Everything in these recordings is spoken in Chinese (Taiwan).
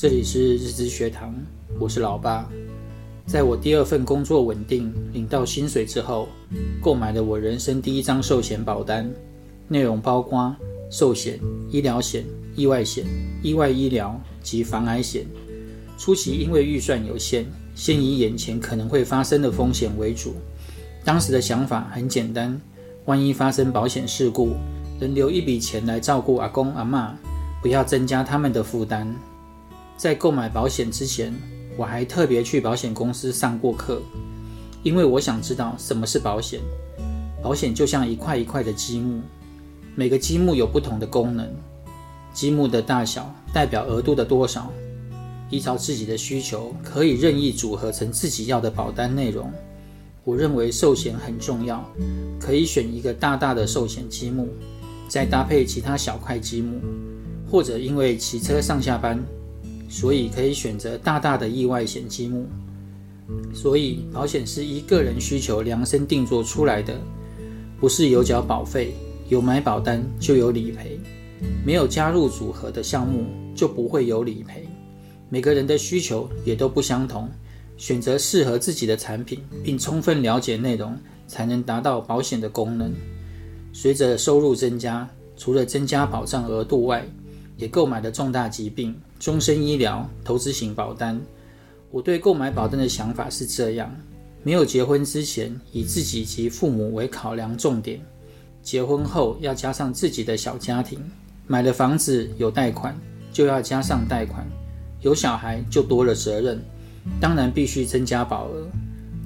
這裡是日之學堂，我是老八。在我第二份工作穩定、領到薪水之後，購買了我人生第一張壽險保單，內容包括壽險、醫療險、意外險、意外醫療及防癌險。初期因為預算有限，先以眼前可能會發生的風險為主。當時的想法很簡單：萬一發生保險事故，能留一筆錢來照顧阿公阿嬤，不要增加他們的負擔。在購買保險之前，我還特別去保險公司上過課，因為我想知道什麼是保險。保險就像一塊一塊的積木，每個積木有不同的功能。積木的大小代表額度的多少，依照自己的需求可以任意組合成自己要的保單內容。我認為壽險很重要，可以選一個大大的壽險積木，再搭配其他小塊積木，或者因為騎車上下班。所以可以選擇大大的意外險積木。所以保險是一個人需求量身定做出來的，不是有繳保費、有買保單就有理賠，沒有加入組合的項目就不會有理賠。每個人的需求也都不相同，選擇適合自己的產品，並充分了解內容，才能達到保險的功能。隨着收入增加，除了增加保障額度外，也購買了重大疾病終身醫療投資型保單。我對購買保單的想法是這樣：沒有結婚之前，以自己及父母為考量重點；結婚後，要加上自己的小家庭。買了房子有貸款，就要加上貸款；有小孩，就多了責任，當然必須增加保額。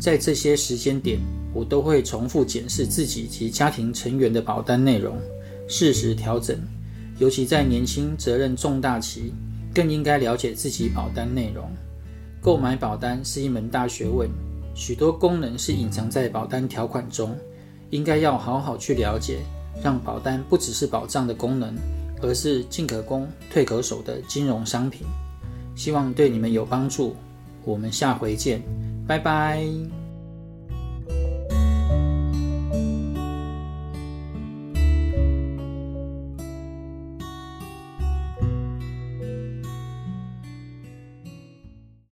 在這些時間點，我都會重複檢視自己及家庭成員的保單內容，適時調整。尤其在年輕、責任重大期，更應該了解自己保單內容。購買保單是一門大學問，許多功能是隱藏在保單條款中，應該要好好去了解，讓保單不只是保障的功能，而是進可攻、退可守的金融商品。希望對你們有幫助，我們下回見，拜拜。